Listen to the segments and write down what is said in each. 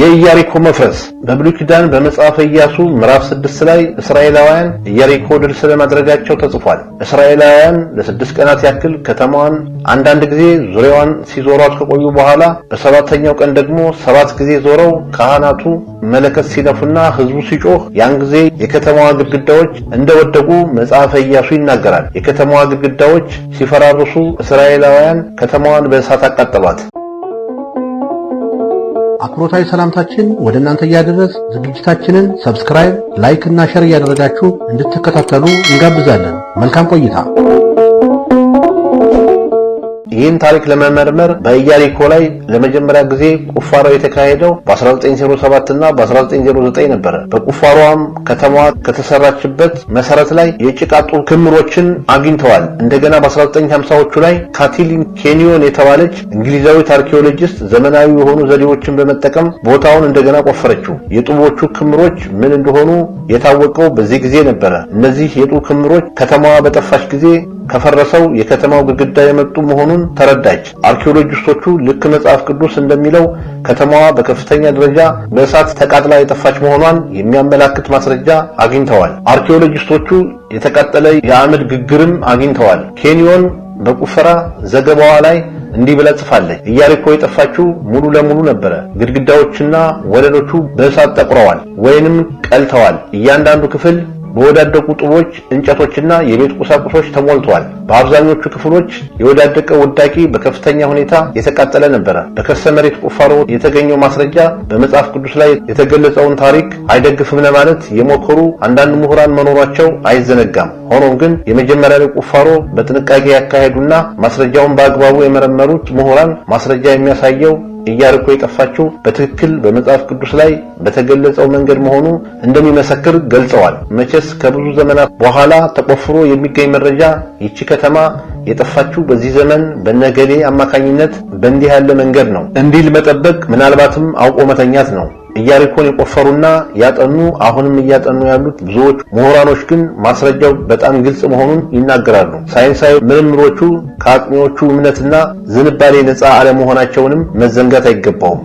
የኢያሪኮ መፍረስ በብሉይ ኪዳን በመጽሐፈ ኢያሱ ምዕራፍ 6 ላይ እስራኤላውያን ኢያሪኮ ድል ስለማድረጋቸው ተጽፏል። እስራኤላውያን ለስድስት ቀናት ያክል ከተማዋን አንዳንድ ጊዜ ዙሪያዋን ሲዞሯት ከቆዩ በኋላ በሰባተኛው ቀን ደግሞ ሰባት ጊዜ ዞረው ካህናቱ መለከት ሲነፉና ሕዝቡ ሲጮህ ያን ጊዜ የከተማዋ ግድግዳዎች እንደወደቁ መጽሐፈ ኢያሱ ይናገራል። የከተማዋ ግድግዳዎች ሲፈራርሱ እስራኤላውያን ከተማዋን በእሳት አቃጠሏት። አክብሮታዊ ሰላምታችን ወደ እናንተ እያደረስ ዝግጅታችንን ሰብስክራይብ፣ ላይክ እና ሸር እያደረጋችሁ እንድትከታተሉ እንጋብዛለን። መልካም ቆይታ ይህን ታሪክ ለመመርመር በኢያሪኮ ላይ ለመጀመሪያ ጊዜ ቁፋሮ የተካሄደው በ1907 እና በ1909 ነበረ። በቁፋሮዋም ከተማዋ ከተሰራችበት መሰረት ላይ የጭቃ ጡብ ክምሮችን አግኝተዋል። እንደገና በ1950ዎቹ ላይ ካቲሊን ኬኒዮን የተባለች እንግሊዛዊት አርኪኦሎጂስት ዘመናዊ የሆኑ ዘዴዎችን በመጠቀም ቦታውን እንደገና ቆፈረችው። የጡቦቹ ክምሮች ምን እንደሆኑ የታወቀው በዚህ ጊዜ ነበረ። እነዚህ የጡብ ክምሮች ከተማዋ በጠፋች ጊዜ ከፈረሰው የከተማው ግድግዳ የመጡ መሆኑን ተረዳች። አርኪኦሎጂስቶቹ ልክ መጽሐፍ ቅዱስ እንደሚለው ከተማዋ በከፍተኛ ደረጃ በእሳት ተቃጥላ የጠፋች መሆኗን የሚያመላክት ማስረጃ አግኝተዋል። አርኪኦሎጂስቶቹ የተቃጠለ የአመድ ግግርም አግኝተዋል። ኬንዮን በቁፈራ ዘገባዋ ላይ እንዲህ ብላ ጽፋለች። ኢያሪኮ የጠፋችው ሙሉ ለሙሉ ነበረ። ግድግዳዎችና ወለሎቹ በእሳት ጠቁረዋል ወይንም ቀልተዋል። እያንዳንዱ ክፍል በወዳደቁ ጡቦች፣ እንጨቶችና የቤት ቁሳቁሶች ተሞልቷል። በአብዛኞቹ ክፍሎች የወዳደቀ ውዳቂ በከፍተኛ ሁኔታ የተቃጠለ ነበረ። በከርሰ መሬት ቁፋሮ የተገኘው ማስረጃ በመጽሐፍ ቅዱስ ላይ የተገለጸውን ታሪክ አይደግፍም ለማለት የሞከሩ አንዳንድ ምሁራን መኖሯቸው አይዘነጋም። ሆኖም ግን የመጀመሪያ ላይ ቁፋሮ በጥንቃቄ ያካሄዱና ማስረጃውን በአግባቡ የመረመሩት ምሁራን ማስረጃ የሚያሳየው ኢያሪኮ የጠፋችው በትክክል በመጽሐፍ ቅዱስ ላይ በተገለጸው መንገድ መሆኑ እንደሚመሰክር ገልጸዋል። መቼስ ከብዙ ዘመናት በኋላ ተቆፍሮ የሚገኝ መረጃ ይቺ ከተማ የጠፋችው በዚህ ዘመን በነገሌ አማካኝነት በእንዲህ ያለ መንገድ ነው እንዲል መጠበቅ ምናልባትም አውቆ መተኛት ነው። ኢያሪኮን የቆፈሩና ያጠኑ አሁንም እያጠኑ ያሉት ብዙዎች ምሁራኖች ግን ማስረጃው በጣም ግልጽ መሆኑን ይናገራሉ። ሳይንሳዊ ምርምሮቹ ከአጥኚዎቹ እምነትና ዝንባሌ ነፃ አለመሆናቸውንም መዘንጋት አይገባውም።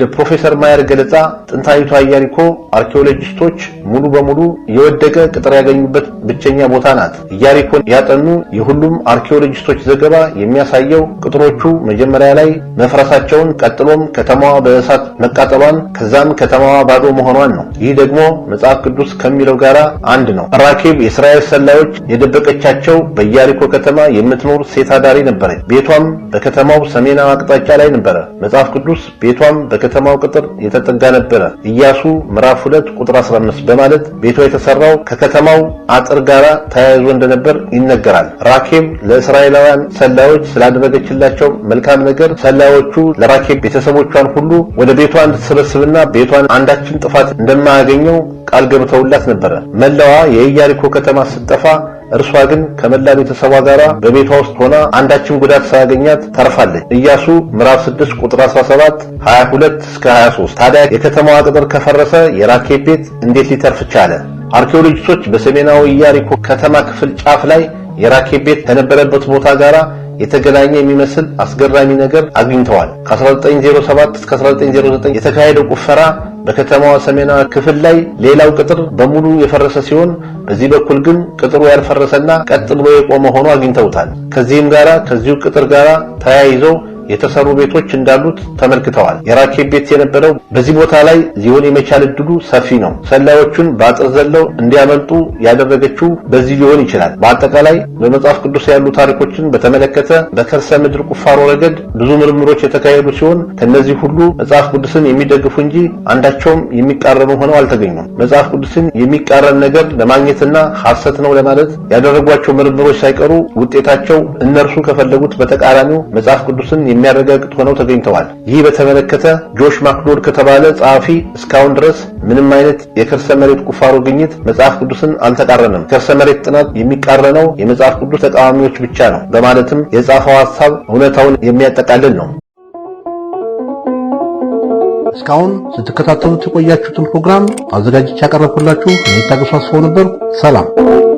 እንደ ፕሮፌሰር ማየር ገለጻ ጥንታዊቷ ኢያሪኮ አርኪኦሎጂስቶች ሙሉ በሙሉ የወደቀ ቅጥር ያገኙበት ብቸኛ ቦታ ናት። ኢያሪኮን ያጠኑ የሁሉም አርኪኦሎጂስቶች ዘገባ የሚያሳየው ቅጥሮቹ መጀመሪያ ላይ መፍረሳቸውን፣ ቀጥሎም ከተማዋ በእሳት መቃጠሏን፣ ከዛም ከተማዋ ባዶ መሆኗን ነው። ይህ ደግሞ መጽሐፍ ቅዱስ ከሚለው ጋር አንድ ነው። ራኬብ የእስራኤል ሰላዮች የደበቀቻቸው በኢያሪኮ ከተማ የምትኖር ሴት አዳሪ ነበረች። ቤቷም በከተማው ሰሜናዊ አቅጣጫ ላይ ነበረ። መጽሐፍ ቅዱስ ቤቷም በከ የከተማው ቅጥር የተጠጋ ነበረ። ኢያሱ ምዕራፍ 2 ቁጥር 15 በማለት ቤቷ የተሰራው ከከተማው አጥር ጋር ተያይዞ እንደነበር ይነገራል። ራኬብ ለእስራኤላውያን ሰላዮች ስላደረገችላቸው መልካም ነገር ሰላዮቹ ለራኬብ ቤተሰቦቿን ሁሉ ወደ ቤቷ እንድትሰበስብና ቤቷን አንዳችን ጥፋት እንደማያገኘው ቃል ገብተውላት ነበረ። መላዋ የኢያሪኮ ከተማ ስትጠፋ እርሷ ግን ከመላ ቤተሰቧ ጋር በቤቷ ውስጥ ሆና አንዳችም ጉዳት ሳያገኛት ተርፋለች። ኢያሱ ምዕራፍ 6 ቁጥር 17፣ 22 እስከ 23። ታዲያ የከተማዋ ቅጥር ከፈረሰ የራኬብ ቤት እንዴት ሊተርፍ ቻለ? አርኪኦሎጂስቶች በሰሜናዊ ኢያሪኮ ከተማ ክፍል ጫፍ ላይ የራኬብ ቤት ከነበረበት ቦታ ጋር የተገናኘ የሚመስል አስገራሚ ነገር አግኝተዋል። ከ1907 እስከ 1909 የተካሄደው ቁፈራ በከተማዋ ሰሜናዊ ክፍል ላይ ሌላው ቅጥር በሙሉ የፈረሰ ሲሆን በዚህ በኩል ግን ቅጥሩ ያልፈረሰና ቀጥ ብሎ የቆመ ሆኖ አግኝተውታል። ከዚህም ጋራ ከዚሁ ቅጥር ጋራ ተያይዘው የተሰሩ ቤቶች እንዳሉት ተመልክተዋል። የራኬብ ቤት የነበረው በዚህ ቦታ ላይ ሊሆን የመቻል እድሉ ሰፊ ነው። ሰላዮቹን በአጥር ዘለው እንዲያመልጡ ያደረገችው በዚህ ሊሆን ይችላል። በአጠቃላይ በመጽሐፍ ቅዱስ ያሉ ታሪኮችን በተመለከተ በከርሰ ምድር ቁፋሮ ረገድ ብዙ ምርምሮች የተካሄዱ ሲሆን ከነዚህ ሁሉ መጽሐፍ ቅዱስን የሚደግፉ እንጂ አንዳቸውም የሚቃረኑ ሆነው አልተገኙም። መጽሐፍ ቅዱስን የሚቃረን ነገር ለማግኘትና ሐሰት ነው ለማለት ያደረጓቸው ምርምሮች ሳይቀሩ ውጤታቸው እነርሱ ከፈለጉት በተቃራኒው መጽሐፍ ቅዱስን የሚያረጋግጥ ሆነው ተገኝተዋል። ይህ በተመለከተ ጆሽ ማክዶድ ከተባለ ጸሐፊ እስካሁን ድረስ ምንም አይነት የከርሰ መሬት ቁፋሮ ግኝት መጽሐፍ ቅዱስን አልተቃረነም። ከርሰ መሬት ጥናት የሚቃረነው የመጽሐፍ ቅዱስ ተቃዋሚዎች ብቻ ነው በማለትም የጻፈው ሀሳብ እውነታውን የሚያጠቃልል ነው። እስካሁን ስትከታተሉት የቆያችሁትን ፕሮግራም አዘጋጅቼ ያቀረብኩላችሁ እኔ ታገሱ ነበር። ነበርኩ። ሰላም።